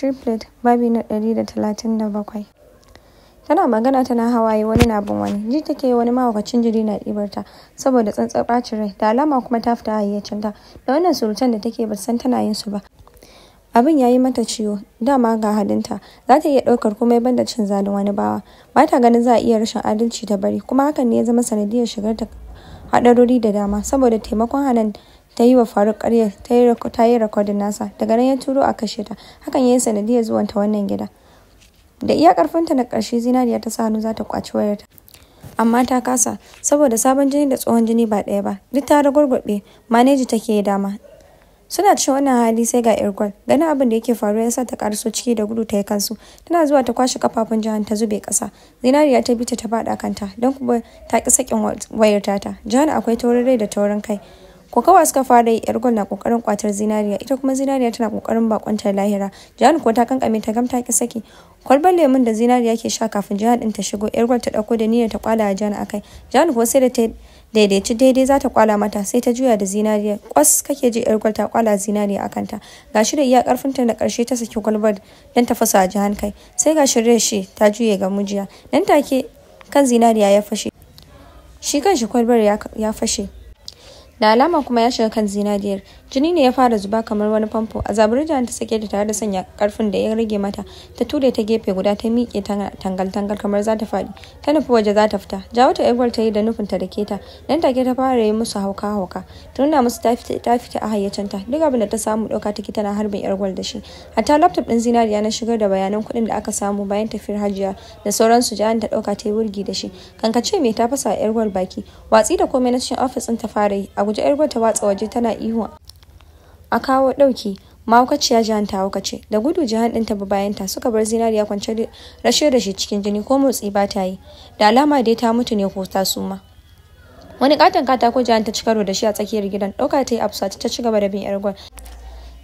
Triplet, babi na ɗari da talatin da bakwai. Tana magana tana hawaye wani na bin wani. Ji take wani mawakacin jiri na ɗibar saboda tsantsar ɓacin rai. Da alama kuma ta fita hayyacinta. Da wannan surutan da take ba san tana yin su ba. Abin ya yi mata ciwo, dama ga halinta, za ta iya ɗaukar komai banda cin zalin wani bawa. Ba ta ganin za a iya rashin adalci ta bari, kuma hakan ne ya zama sanadiyar shigar ta haɗarori da dama saboda taimakon hanan ta yi wa faruk karyar ta yi rekodin nasa daga nan ya turo a kashe ta hakan ya yi sanadiyar ta wannan gida da iya karfinta na karshe zinariya ta sa hannu za ta kwaci wayarta amma ta kasa saboda sabon jini da tsohon jini ba ɗaya ba duk ta ragwargwabe maneji take dama suna cikin wannan hali sai ga irgol ganin abin da yake faruwa sa ta karso ciki da gudu ta yi kansu tana zuwa ta kwashe kafafun jihan ta zube kasa zinariya ta bi ta ta faɗa kanta don kuma ta ki sakin wayar ta jihan akwai taurin rai da taurin kai kokawa suka fara yi yar gwal na kokarin kwatar zinariya ita kuma zinariya tana kokarin bakonta lahira jihan kuwa ta kankame ta gamta ki saki kwalbar lemun da zinariya ke sha kafin jihan din ta shigo yar ta dauko da niyyar ta kwala a jihan akai jihan kuwa sai da ta daidaici daidai za ta kwala mata sai ta juya da zinariya kwas kake ji yar ta kwala zinariya akan ta gashi da iya karfin ta na karshe ta saki kwalbar dan ta fasa jihan kai sai gashi reshe ta juye ga mujiya nan take kan zinariya ya fashe shi kan shi kwalbar ya fashe da alama kuma ya shiga kan zinariyar jini ne ya fara zuba kamar wani famfo a zaburin ta sake ta tare da sanya karfin da ya rage mata ta ture ta gefe guda ta miƙe tangal-tangal kamar za ta faɗi ta nufi waje za ta fita jawo ta egwal ta yi da nufin ta da keta nan take ta fara yi musu hauka-hauka ta nuna musu ta fita a hayyacinta duk abin da ta samu ɗauka ke tana harbin gwal da shi hatta laptop ɗin zinariya na shigar da bayanan kuɗin da aka samu bayan tafiyar hajiya da sauransu jahan ta ɗauka ta yi wurgi da shi kankace mai ta fasa gwal baki watsi da komai na cikin ofis ɗin ta fara yi a guji yar ta watsa waje tana ihu a kawo ɗauki mahaukaciya jihan ta haukace da gudu jihan ɗinta ba bayan ta suka bar zinariya kwance da shi cikin jini ko motsi ba ta yi da alama dai ta mutu ne ko ta suma wani katon katako jihan ta ci karo da shi a tsakiyar gidan ɗauka ta yi afsa ta ci gaba da bin yar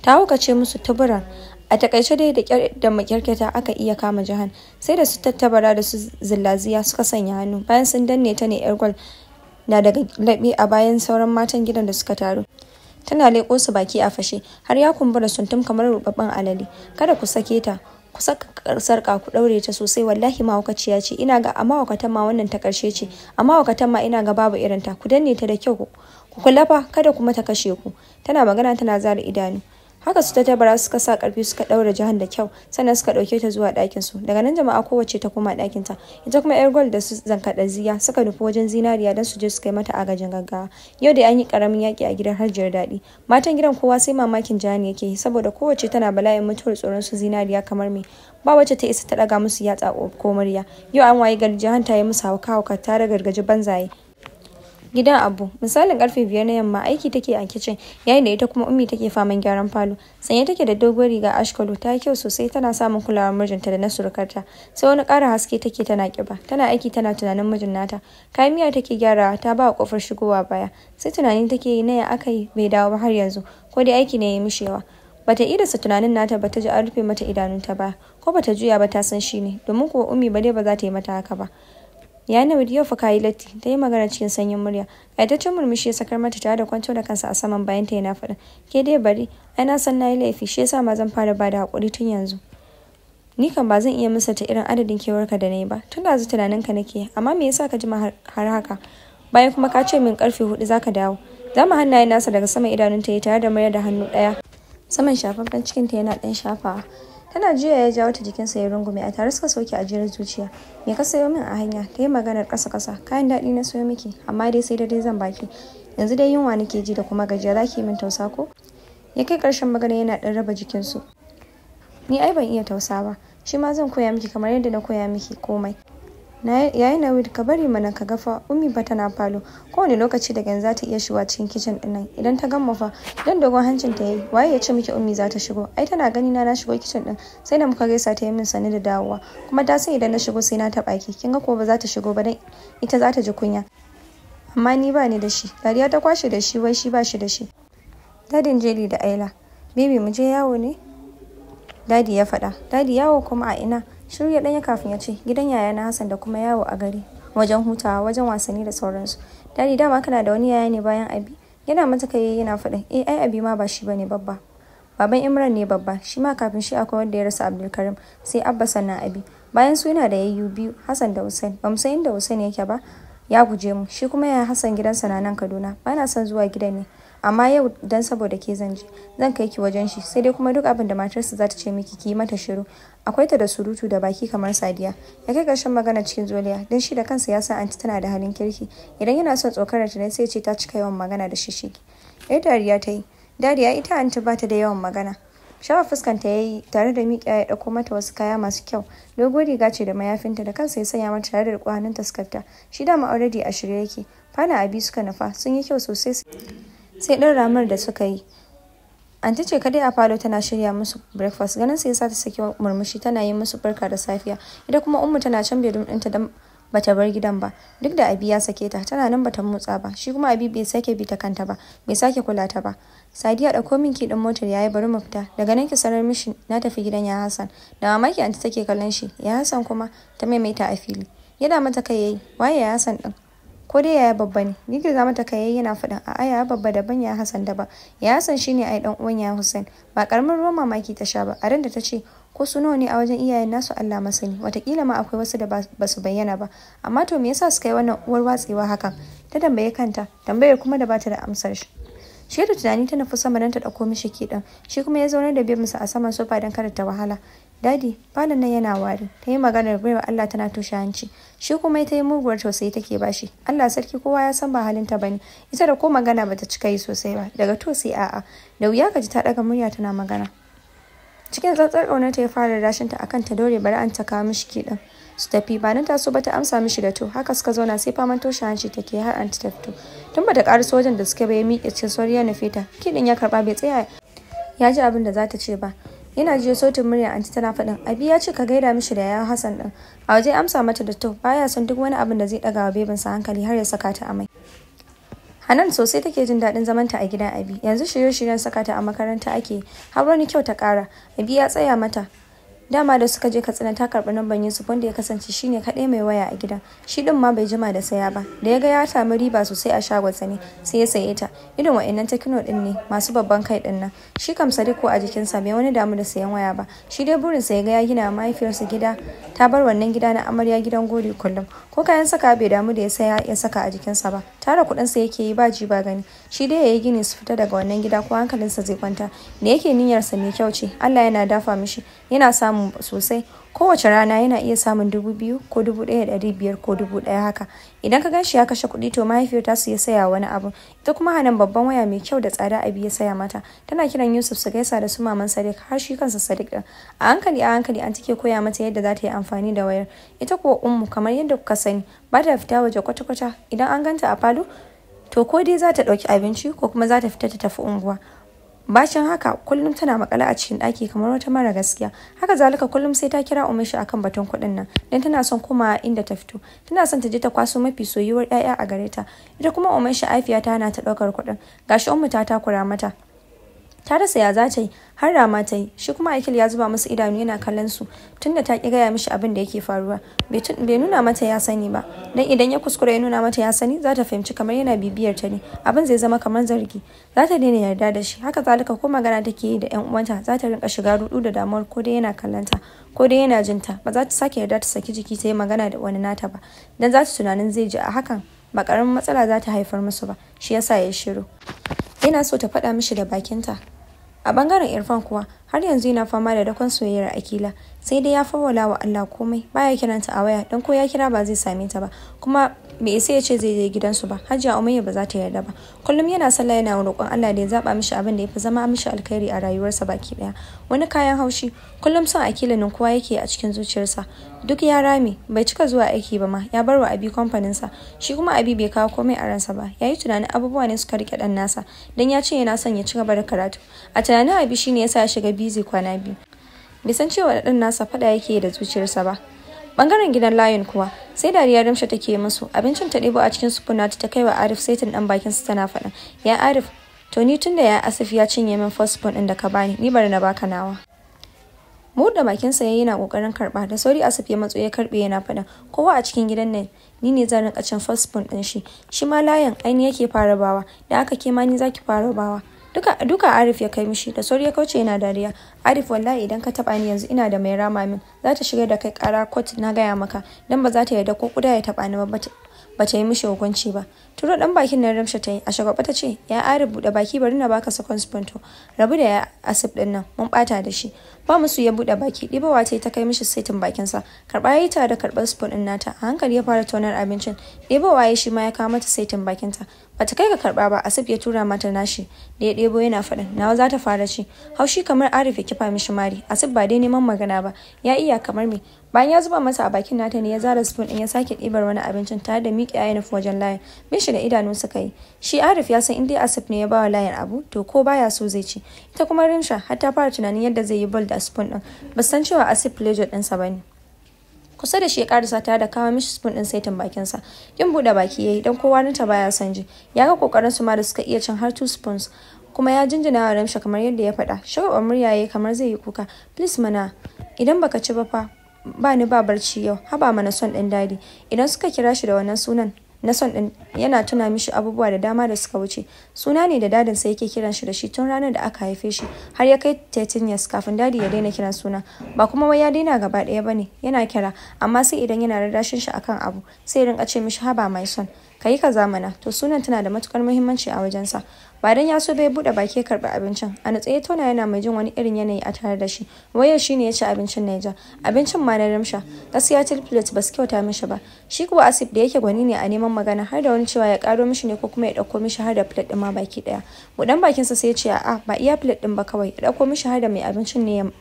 ta haukace musu tubura a takaice dai da kyar da makyarketa aka iya kama jihan sai da su tattabara da su zillaziya suka sanya hannu bayan sun danne ta ne yar gwal na daga laɓe a bayan sauran matan gidan da suka taru. Tana leƙo su baki a fashe, har ya kumbura suntum kamar rubabban alali Kada ku sake ta, ku saka sarƙa ku ɗaure ta sosai wallahi mahaukaciya ce ina ga a mahaukatan ma wannan ta ƙarshe ce a mahaukatan ma ina ga babu irin ta ku danne ta da kyau ku kula fa kada kuma ta kashe ku tana magana tana zara idanu haka su ta tabara suka sa karfi suka daura jahan da kyau sannan suka dauke ta zuwa ɗakin su daga nan jama'a kowace ta koma ɗakin ta ita kuma yar gold da su zankaɗa ziya suka nufi wajen zinariya dan su je su kai mata agajin gaggawa yau da an yi karamin yaki a gidan harjiyar daɗi matan gidan kowa sai mamakin jihani yake yi saboda kowace tana bala'in mutuwar tsoron su zinariya kamar me ba wacce ta isa ta daga musu yatsa ko murya yau an waye gari jahan ta yi musu hauka hauka tare gargaji banzaye Gidan Abu, misalin karfe biyar na yamma aiki take a kicin, yayin da ita kuma Ummi take faman gyaran falo. Sanye take da doguwar riga ashkolo ta kyau sosai tana samun kulawar mijinta da na surukarta. Sai wani ƙara haske take tana kiba, tana aiki tana tunanin mijin nata. Kayan miya take gyara ta ba kofar shigowa baya. Sai tunani take yi na ya aka yi bai dawo ba har yanzu, ko dai aiki ne ya mishi yawa. bata idasa tunanin nata bata ji an rufe mata idanunta ba ko bata juya ba ta san shi ne domin kuwa ummi ba dai ba za ta yi mata haka ba Yanawid yau fa yi latti ta yi magana cikin sanyin murya. Ƙaitaccen murmushi ya sakar mata tare da kwanto da kansa a saman bayanta yana faɗin. Ke dai bari, ana san na yi laifi shi yasa ma zan fara bada haƙuri tun yanzu. Ni kan ba zan iya ta irin adadin kewarka da na yi ba, tun da zu tunaninka nake, amma me yasa ka ji har haka? Bayan kuma ka ce min karfe hudu za ka dawo. mu hannayen nasa daga saman idanunta ya tare da mayar da hannu ɗaya. Saman shafaffen cikinta yana ɗan shafawa. tana jiya ya jawo ta jikinsa ya rungume a tare suka soke ajiyar zuciya me ka sayo min a hanya ta yi maganar kasa kasa kayan daɗi na sayo miki amma dai sai dai zan baki yanzu dai yunwa nake ji da kuma gajiya za ki min tausa ko ya kai ƙarshen magana yana ɗan raba jikinsu ni ai ban iya tausa ba shi ma zan koya miki kamar yadda na koya miki komai yayi nawid ka bari mana ka ga fa ummi ba tana falo kowane lokaci daga yanzu zata ta iya shiga cikin kicin din idan ta gama fa dan dogon hancin ta yayi waye ya ce miki ummi za ta shigo ai tana gani na na shigo kicin din sai da muka gaisa ta yi min sani da dawowa kuma ta san idan na shigo sai na taba ki kin ga ko ba za ta shigo ba dan ita za ta ji kunya amma ni ba ni da shi dariya ta kwashe da shi wai shi ba shi da shi dadin jeli da aila bibi mu je yawo ne dadi ya faɗa dadi yawo kuma a ina shirya ɗanya kafin ya ce gidan yaya na hassan da kuma yawo a gari wajen hutawa wajen wasanni da sauransu dadi dama kana da wani yaya ne bayan abi yana mata kai yana faɗin eh ai abi ma ba shi bane babba baban imran ne babba shi ma kafin shi akwai wanda ya rasa abdulkarim sai abba sannan abi bayan su yana da yayyu biyu hassan da hussein ba mu san inda hussein yake ba ya guje mu shi kuma yaya hassan gidansa na nan kaduna ba na son zuwa gidan ne amma yau dan saboda ke zan je zan kai ki wajen shi sai dai kuma duk abin da matarsa za ta ce miki ki yi mata shiru akwai ta da surutu da baki kamar sadiya ya kai karshen magana cikin zoliya dan shi da kansa ya san anti tana da halin kirki idan yana son tsokar ta ne sai ce ta cika yawan magana da shishigi yar dariya ta yi dariya ita anti ba ta da yawan magana shawa fuskanta ya yi tare da miƙa ya ɗauko mata wasu kaya masu kyau dogon riga ce da mayafinta da kansa ya sanya mata tare da kwanin taskarta shi dama already a shirye yake fana abi suka nafa sun yi kyau sosai sai ɗan ramar da suka yi anti ce kadai a falo tana shirya musu breakfast ganin sai sa ta saki murmushi tana yi musu barka da safiya ita kuma ummu tana can bedroom ɗinta dan bata bar gidan ba duk da abi ya sake ta tana nan bata motsa ba shi kuma abi bai sake bi ta kanta ba bai sake kula ta ba sadiya da min ki dan motar yayi bari mu fita daga nan ki sanar mishi na tafi gidan ya hasan da mamaki anti take kallon shi ya hasan kuma ta maimaita a fili yana mata kai yayi waye ya hasan din ko dai yaya babba ne ni ke mata kayayyana yana faɗin a yaya babba daban ya Hassan daban ya hasan shine ai dan uwan ya Hussein ba karamin ruwan mamaki ta sha ba a ran da ta ce ko su nawa ne a wajen iyayen nasu Allah masani watakila ma akwai wasu da ba su bayyana ba amma to me yasa suka yi wannan uwar watsewa hakan ta tambaye kanta tambayar kuma da bata da amsar shi shi da tunani ta nufi sama don ta ɗauko mishi kiɗan shi kuma ya zaunar da biyan masa a saman sofa don kada ta wahala Dadi, falon nan yana wari. Ta yi maganar baiwa Allah tana tushe hanci. Shi kuma ta yi muguwar tausayi take bashi. Allah sarki kowa ya san ba halinta bane. Ita da ko magana bata cika yi sosai ba. Daga to sai a'a. Da wuya ka ji ta daga murya tana magana. Cikin tsatsar ƙaunar ta ya fara rashin ta akan ta dore bari an taka kawo mishi kiɗan. Su tafi ba nan so ba ta amsa mishi da to haka suka zauna sai faman toshe hanci take har an ta fito. Tun bata ƙaraso wajen da suke bai miƙe cikin sauri ya nufe ta. Kiɗin ya karɓa bai tsaya ya ji abin da za ta ce ba. yana jiyo sautin murya anti tana faɗin abi ya ce ka gaida mishi da ya hasan din a waje amsa mata da to baya son duk wani abin da zai daga wa beban sa hankali har ya saka ta amai Hanan sosai take jin daɗin zamanta a gidan Abi. Yanzu shirye-shiryen saka ta a makaranta ake, har wani kyau ta kara Abi ya tsaya mata, dama da suka je katsina ta karɓi namban yusuf wanda ya kasance shine kaɗai mai waya a gida shi din ma bai jima da saya ba da ya ga ya samu riba sosai a shagonsa ne sai ya saye ta irin wa'annan tekino din ne masu babban kai din nan shi kam ko a jikin sa bai wani damu da sayan waya ba shi dai sa ya ga ya gina mahaifiyarsa gida ta bar wannan gida na amarya gidan gori kullum ko kayan saka bai damu da ya saya ya saka a jikinsa ba tara kuɗinsa yake yi ba ji ba gani shi dai ya gini su fita daga wannan gida ko hankalinsa zai kwanta da yake niyyarsa mai kyau ce allah yana dafa mishi yana samu. samu sosai kowace rana yana iya samun dubu biyu ko dubu ɗaya da ɗari biyar ko dubu ɗaya haka idan ka ganshi ya kashe kuɗi to mahaifiyar ta su ya saya wani abu ita kuma hanan babban waya mai kyau da tsada abi ya saya mata tana kiran yusuf su gaisa da su maman sadiq har shi kansa sadiq ɗin a hankali a hankali an take koya mata yadda za ta yi amfani da wayar ita kuwa ummu kamar yadda kuka sani ba ta fita waje kwata-kwata idan an ganta a falo to ko dai za ta ɗauki abinci ko kuma za ta fita ta tafi unguwa bacin haka kullum tana makala a cikin ɗaki kamar wata mara gaskiya. Haka zalika kullum sai ta kira Umaisha akan batun kuɗin nan, don tana son kuma inda ta fito. Tana son ta je ta kwaso mafi soyuwar 'ya'ya a gareta Ita kuma Umaisha Afiya ta hana ta ɗaukar kuɗin. Gashi Ummu ta takura mata. ta rasa ya za ta yi har rama ta yi shi kuma aikil ya zuba masa idanu yana kallon su tunda ta ki gaya mishi abin da yake faruwa bai nuna mata ya sani ba dan idan ya kuskure ya nuna mata ya sani za fahimci kamar yana bibiyar ta ne abin zai zama kamar zargi zata ta daina yarda da shi haka zalika ko magana take yi da yan uwanta za ta rinka shiga rudu da damuwar ko dai yana kallon ko dai yana jinta ba za ta sake yarda ta saki jiki ta yi magana da wani nata ba dan za ta tunanin zai ji a hakan ba karamin matsala za ta haifar musu ba shi yasa ya shiru yana so ta faɗa mishi da bakinta a bangaren irfan kuwa har yanzu yana fama da dakon soyayyar akila sai dai ya fawwala wa Allah komai baya kiranta a waya don ko ya kira ba zai same ta ba kuma bai isa ya ce zai je gidansu ba hajiya umayya ba za ta yarda ba kullum yana sallah yana roƙon Allah da ya zaba mishi abin da ya fi zama mishi alkhairi a rayuwarsa baki ɗaya wani kayan haushi kullum son akila nan kowa yake a cikin zuciyarsa duk ya rame bai cika zuwa aiki ba ma ya bar wa abi sa shi kuma abi bai kawo komai a ransa ba ya yi tunanin abubuwa ne suka rike dan nasa dan ya ce yana son ya ci gaba da karatu a tunanin abi shine yasa ya shiga bizi kwana biyu bai san cewa da ɗan nasa faɗa yake da zuciyarsa ba bangaren gidan layon kuwa sai dariya ramsha take musu abincin ta ɗebo a cikin sufuna ta ta kai wa arif saitin ɗan bakin su tana faɗa ya arif to ni tunda ya asif ya cinye min fosfon ɗin da ka bani ni bari na baka nawa da bakin sa yana kokarin karba da sauri asif ya matso ya karbe yana faɗa kowa a cikin gidan nan ni ne zan rinka cin fosfon ɗin shi shi ma layon aini yake fara bawa da aka ke ma ni zaki fara bawa duka duka Arif ya kai mishi da sauri ya kauce yana dariya Arif wallahi idan ka taba ni yanzu ina da mai rama min za ta shiga da kai kara kot na gaya maka dan ba za ta yarda ko kuda ya taba ni ba ba ta yi mishi hukunci ba turo dan bakin nan ramsha ta yi a shagwaba ta ce ya arif bude baki bari na baka sakon sponto rabu da ya asif din nan mun bata da shi ba musu ya bude baki ɗibawa ta ta kai mishi saitin bakin sa karba yayi ta da karbar spoon din nata a hankali ya fara tonar abincin ɗibawa ya shi ma ya kawo mata saitin bakin ta bata kai ga karba ba asif ya tura mata nashi da ya ɗebo yana faɗin nawa za ta fara ci haushi kamar arif ya kifa mishi mari asif ba dai neman magana ba ya iya kamar me bayan ya zuba masa a bakin nata ne ya zara spoon din ya sake ɗibar wani abincin tare da miƙe ayi wajen layin mishi da idanu suka yi shi arif ya san in dai asif ne ya bawa layin abu to ko baya so zai ci ita kuma rimsha har ta fara tunanin yadda zai yi bol da spoon din ba san cewa asif pleasure ɗinsa ba ne. kusa da shi ya karisa ta da kawo mishi spoon din saitin bakinsa yin buɗe baki yayi dan kowa ta baya san ji ya ga kokarin su ma da suka iya cin har two spoons kuma ya jinjina wa Ramsha kamar yadda ya faɗa shagwaban murya yayi kamar zai yi kuka please mana idan baka ci ba fa ba ni ba barci yau haba mana son ɗin dadi idan suka kira shi da wannan sunan na son din yana tuna mishi abubuwa da dama da suka wuce. Suna ne da dadinsa yake kiran shi da shi tun ranar da aka haife shi har ya kai 13 years kafin dadi ya daina kiran suna. Ba kuma wai ya daina gaba ɗaya bane yana kira amma sai idan yana rarrashin shi akan abu sai rinka ce mishi haba my son. ka yi kaza mana to sunan tana da matukar muhimmanci a wajensa ba dan ya so bai buɗe baki karɓi abincin a natsaye tona yana mai jin wani irin yanayi a tare da shi wayar shine ya ci abincin Naija abincin ma na ramsha gaskiya til plate ba su kyauta mishi ba shi kuwa Asif da yake gwani ne a neman magana har da wani cewa ya karo mishi ne ko kuma ya dauko mishi har da plate din ma baki ɗaya buɗan bakinsa sai ya ce a ba iya plate din ba kawai ya dauko mishi har da mai abincin ne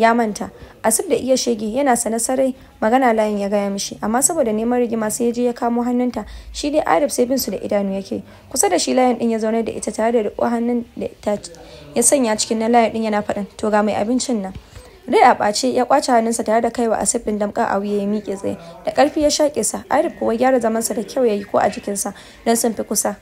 ya manta asib da iya shege yana sane sarai magana layin ya gaya mishi amma saboda neman rigima sai ya je ya kamo hannunta shi dai arif sai bin su da idanu yake kusa da shi layin din ya zaune da ita tare da riko hannun da ta ya sanya cikin na layin din yana faɗin to ga mai abincin nan rai a ɓace ya kwace hannunsa tare da kaiwa asib din damka a wuya ya miƙe tsaye da ƙarfi ya shaƙe sa arif kuwa gyara zamansa da kyau ya yi ko a jikinsa don sun fi kusa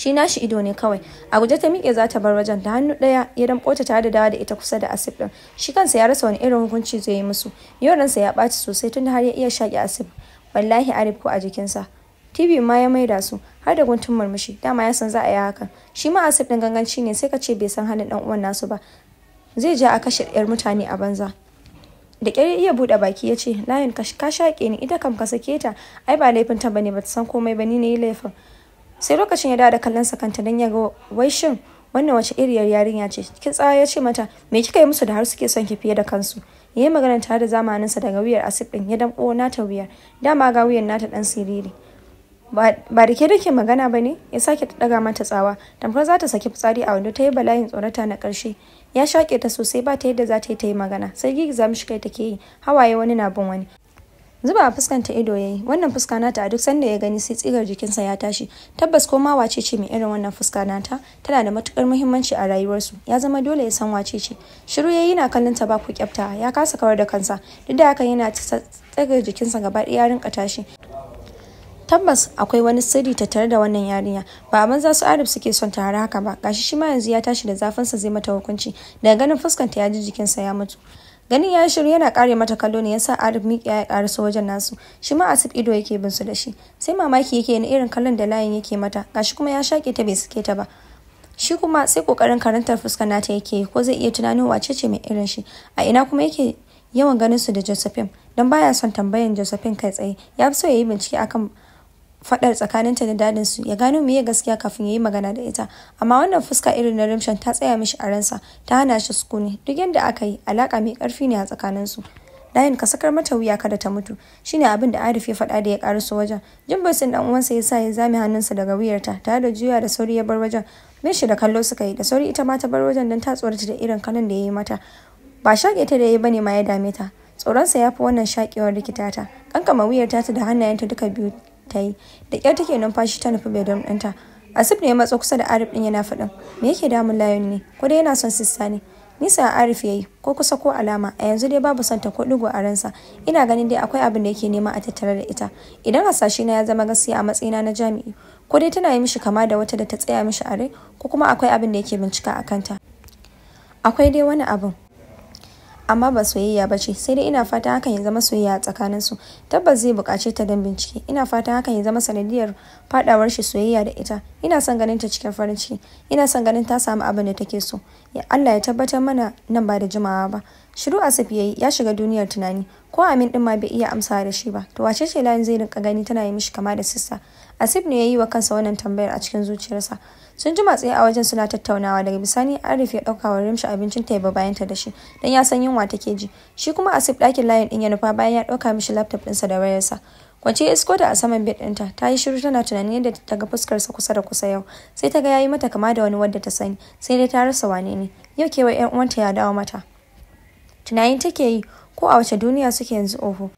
shi nashi ido ne kawai a guje ta miƙe za ta bar wajen da hannu ɗaya ya kota ta tare da dawa da ita kusa da asib ɗin shi kansa ya rasa wani irin hukunci zai yi musu yau sa ya ɓaci sosai tun har ya iya shaƙi asib wallahi arif ko a jikinsa TV ma ya maida su har da guntun murmushi dama ya san za a yi hakan shi ma asib ɗin ganganci ne sai ka ce bai san hannun dan uwan nasu ba zai ja a kashe yar mutane a banza da ƙyar iya buɗe baki ya ce layin ka shaƙe ni ita kam ka sake ta ai ba laifin ta ne ba ta san komai ba ni ne yi laifin sai lokacin ya dawo da kallon sa kanta don ya ga wai shin wannan wace iriyar yarinya ce kin tsaya ya ce mata me kika yi musu da har suke son ki fiye da kansu ya yi magana tare da zamaninsa daga wuyar asib din ya damƙo nata wuyar dama ga wuyar nata dan siriri ba da ke da ke magana ba ne ya sake ɗaga mata tsawa tamkar za ta saki fitsari a wando ta yi bala'in tsorata na ƙarshe ya shaƙe ta sosai ba ta yadda za ta yi ta yi magana sai girgiza mishi kai take yi hawaye wani na bin wani zuba a fuskanta ido ya yi wannan fuska nata a duk sanda ya gani sai tsigar jikinsa ya tashi tabbas ko ma wace ce mai irin wannan fuska nata tana da matukar muhimmanci a rayuwarsu ya zama dole ya san wace ce shiru yayi na kallon ta ba baku kyafta ya kasa kawar da kansa duk da haka yana tsigar jikinsa gaba ɗaya rinka tashi tabbas akwai wani sirri tattare da wannan yarinya ba a banza su arab suke son ta haka ba gashi shi ma yanzu ya tashi da zafinsa zai mata hukunci daga ganin fuskanta ya ji jikinsa ya mutu Ganin ya shiru yana kare mata kallo ne yasa Arif miƙiya ya su wajen nasu. Shi ma Asif ido yake bin su da shi. Sai mamaki yake na irin kallon da layin yake mata. Gashi kuma ya shake ta bai suke ta ba. Shi kuma sai kokarin karantar fuskar nata yake ko zai iya tunanin wace ce mai irin shi. A ina kuma yake yawan ganin su da Josephine. don baya son tambayan Josephine kai tsaye. Ya fi so ya yi bincike akan faɗar tsakaninta da su ya gano meye gaskiya kafin ya yi magana da ita amma wannan fuska irin na rimshan ta tsaya mishi a ransa ta hana shi sukuni duk yadda aka yi alaka mai karfi ne a tsakanin tsakaninsu layin ka sakar mata wuya kada ta mutu shine abin da Arif ya fada da ya karaso wajen jin dan uwansa ya sa ya zame hannunsa daga wuyarta tare da juya da sauri ya bar wajen bin shi da kallo suka yi da sauri ita ma ta bar wajen dan ta tsorata da irin kanin da ya yi mata ba shaƙe ta da ya yi bane ma ya dame ta tsoronsa ya fi wannan shaƙewar likitata kankama wuyarta ta da hannayenta duka biyu ta yi da ƙyar take numfashi ta nufi don ɗinta asif ne ya matso kusa da arif ɗin yana faɗin me yake damun layon ne ko dai yana son sissa ne nisa arif ya yi ko kusa ko alama a yanzu dai babu ta ko digo a ransa ina ganin dai akwai abin da yake nema a tattare da ita idan hasashe na ya zama gaskiya a matsayina na jami'i ko dai tana yi mishi kama da wata da ta tsaya mishi a rai ko kuma akwai abin da yake bincika a kanta akwai dai wani abin amma ba soyayya ba ce sai dai ina fata hakan ya zama soyayya a tsakaninsu tabbas zai buƙace ta don bincike ina fata hakan ya zama sanadiyar fadawar shi soyayya da ita ina son ganin ta cikin farin ciki ina son ganin ta samu abin da take so ya Allah ya tabbatar mana nan ba da jimawa ba shiru asif yayi ya shiga duniyar tunani ko amin din ma bai iya amsa da shi ba to wace ce layin zai rinka gani tana yi mishi kama da sissa asif ne ya yi wa kansa wannan tambayar a cikin zuciyarsa sun jima tsaye a wajen suna tattaunawa daga bisani arif ya dauka wa rimshi abincin ta ya bayan ta da shi dan ya san yunwa take ji shi kuma asif dakin layin din ya nufa bayan ya ɗauka mishi laptop ɗinsa da wayarsa kwace isko da a saman bed ɗinta ta yi shiru tana tunanin yadda ta ga fuskarsa kusa da kusa yau sai ta ga yi mata kama da wani wadda ta sani sai dai ta rasa wane ne yau kewa ƴan uwanta ya dawo mata tunani take yi ko a wace duniya suke yanzu oho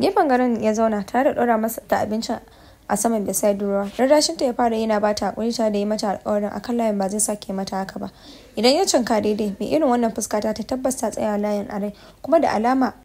gefen garin ya zauna tare da ɗora masa da abincin a saman beside ruwa ta ya fara yana ba ta hakuri ta da yi mata alƙawarin akan layin ba zai sake mata haka ba idan ya cinka daidai mai irin wannan fuska ta tabbas ta tsaya layin a rai kuma da alama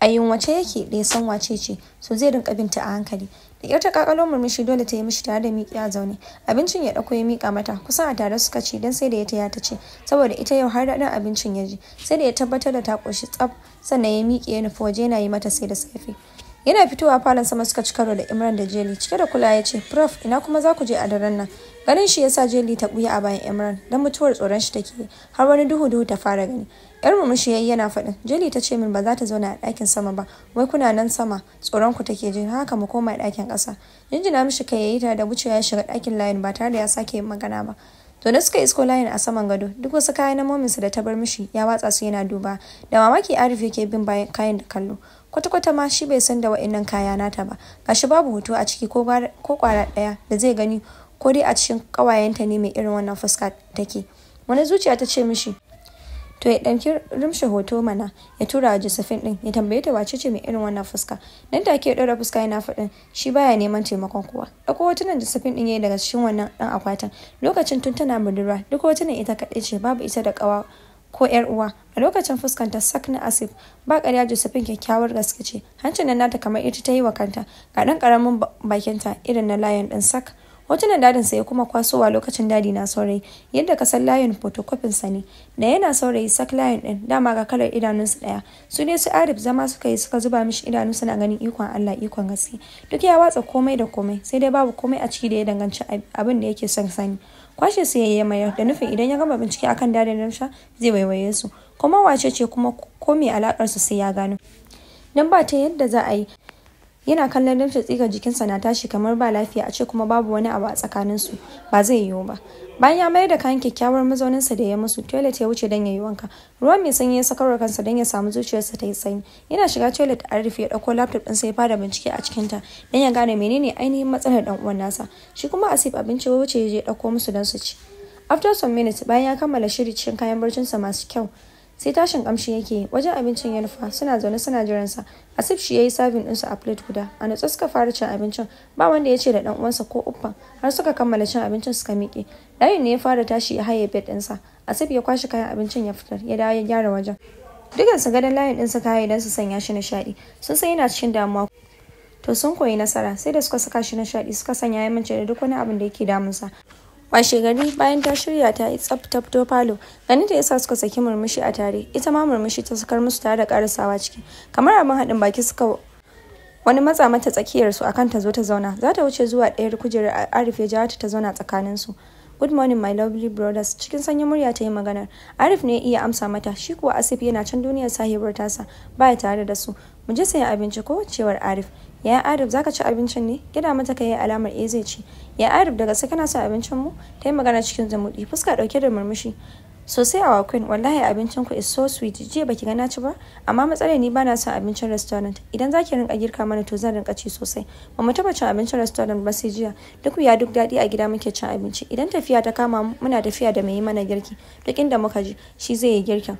a yunwace yake da ya san wace ce so zai rinka binta a hankali da yar ta kakalo murmushi dole ta yi mishi tare da miƙi a zaune abincin ya ɗauko ya miƙa mata kusan a tare suka ci don sai da ya ta ce saboda ita yau har daɗin abincin ya ji sai da ya tabbatar da ta ƙoshi tsaf sannan ya miƙe ya nufi waje yana yi mata sai da safe yana fitowa falon sama suka ci karo da imran da jeli cike da kula ya ce prof ina kuma za ku je a daren nan ganin shi yasa jeli ta buya a bayan imran don mutuwar tsoron shi take har wani duhu duhu ta fara gani yar ya yayi yana faɗin jeli ta ce min ba za ta zauna a ɗakin sama ba wai kuna nan sama tsoron ku take jin haka mu koma ɗakin ƙasa jinjina mishi kai yayi ta da wucewa ya shiga ɗakin layin ba tare da ya sake yin magana ba to da suka isko layin a saman gado duk wasu kayan na mominsa da ta bar mishi ya watsa su yana duba da mamaki arif yake bin bayan kayan da kallo kwata-kwata ma shi bai san da wa'annan kaya nata ba gashi babu hoto a ciki ko kwara daya da zai gani ko dai a cikin kawayenta ne mai irin wannan fuska take wani zuciya ta ce mishi to ya ɗauki rumshe hoto mana ya tura wa josephine ɗin ya tambaye ta wace ce mai irin wannan fuska nan take ya ɗora fuska yana faɗin shi baya neman taimakon kowa ɗauko hotunan josephine ɗin yayi daga cikin wannan ɗan akwatin lokacin tun tana budurwa duk hotunan ita kaɗai ce babu ita da ƙawa ko yar uwa a lokacin fuskanta sak na asif ba ƙarya josephine kyakkyawar gaske ce hancin nan nata kamar ita ta yi wa kanta ga ɗan ƙaramin bakinta irin na layin ɗin sak hotunan dadin sa ya kuma kwasowa lokacin dadi na saurayi yadda ka san layin photocopy sa ne da yana saurayi sak layin din dama ga kalar idanunsu daya su ne su arif zama suka yi suka zuba mishi idanu suna ganin ikon Allah ikon gaske duk ya watsa komai da komai sai dai babu komai a ciki da ya danganci abin da yake son sani kwashe su yayye mayar da nufin idan ya gama bincike akan dadin Ramsha zai waiwaye su kuma wace ce kuma ko me alakar su sai ya gano dan ba ta yadda za a yi yana kallon dafta tsiga jikinsa na tashi kamar ba lafiya a ce kuma babu wani abu a tsakaninsu ba zai yiwu ba bayan ya mayar da kayan kyakkyawar mazauninsa da ya musu toilet ya wuce don ya yi wanka ruwa mai sanyi ya sakarwa kansa don ya samu zuciyarsa ta yi sanyi yana shiga toilet a rufe ya ɗauko laptop ɗinsa ya fara bincike a cikinta don ya gane menene ainihin matsalar ɗan uwan nasa shi kuma asif abinci ya wuce ya je ɗauko musu don su ci after some minutes bayan ya kammala shiri cikin kayan barcinsa masu kyau sai tashin kamshi yake wajen abincin ya nufa suna zaune suna jiransa asif shi ya yi sabin ɗinsu a plate guda a nutsu suka fara cin abincin ba wanda ya ce da dan uwansa ko uffan har suka kammala cin abincin suka miƙe layin ne ya fara tashi ya haye bed ɗinsa asif ya kwashe kayan abincin ya fitar ya dawo ya gyara wajen dukansu gadon layin ɗinsa kaya idan su sanya shi nishaɗi sun san yana cikin damuwa to sun koyi nasara sai da suka saka shi nishaɗi suka sanya ya mance da duk wani abin da yake damunsa washe gari bayan ta shirya ta yi tsaf ta falo gani da yasa suka saki murmushi a tare ita ma murmushi ta sakar musu tare da karasawa ciki kamar abin haɗin baki suka wani matsa mata tsakiyarsu akan ta zo ta zauna za ta wuce zuwa ɗayar kujerar arif ya ta zauna su. Good morning my lovely brothers. Cikin sanyin murya ta yi maganar. Arif ne iya amsa mata, shi kuwa Asif yana can duniyar sahibar tasa, baya tare da su. Mu je sayan abinci ko cewar Arif. Ya Arif zaka ci abincin ne? Gida mata kai alamar eh zai ci. Ya Arif daga sai kana son abincin mu? Ta yi magana cikin zamuɗi, fuska ɗauke da murmushi. sosai awa queen wallahi abincin ku is so sweet jiya baki ga na ci ba amma matsalar ni bana son abincin restaurant idan zaki rinka girka mana to zan rinka ci sosai ba mu taba cin abincin restaurant ba sai jiya duk ya duk dadi a gida muke cin abinci idan tafiya ta kama muna tafiya da mai yi mana girki duk inda muka ji shi zai yi girkin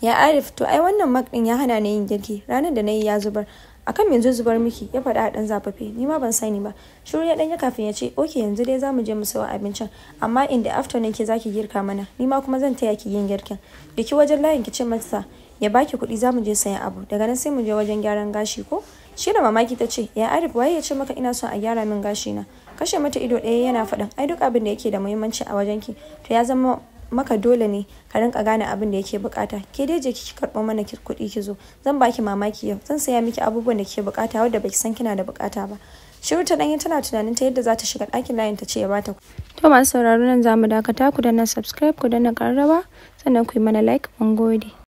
ya arif to ai wannan mak din ya hana ni yin girki ranar da na yi ya zubar akan yanzu zubar miki ya faɗa a ɗan zafafe ni ma ban sani ba shiru ya ɗanya kafin ya ce oke yanzu dai za mu je mu sayo abincin amma in da afternoon ke zaki girka mana ni ma kuma zan taya ki yin girkin biki wajen layin ki ce masa ya baki kuɗi za mu je sayan abu daga nan sai mu je wajen gyaran gashi ko shi da mamaki ta ce ya arif waye ya ce maka ina son a gyara min gashi na kashe mata ido ɗaya yana faɗin ai duk abin da yake da muhimmanci a wajen ki to ya zama maka dole ne ka rinka gane abin da yake bukata ke dai je ki karɓo mana kuɗi ki zo zan baki mamaki yau zan saya miki abubuwan da kike bukata wanda baki san kina da bukata ba shiru ta yi tana tunanin ta yadda za ta shiga ɗakin layin ta ce ya bata to masu sauraro nan za mu dakata ku danna subscribe ku danna karraba sannan ku yi mana like mun gode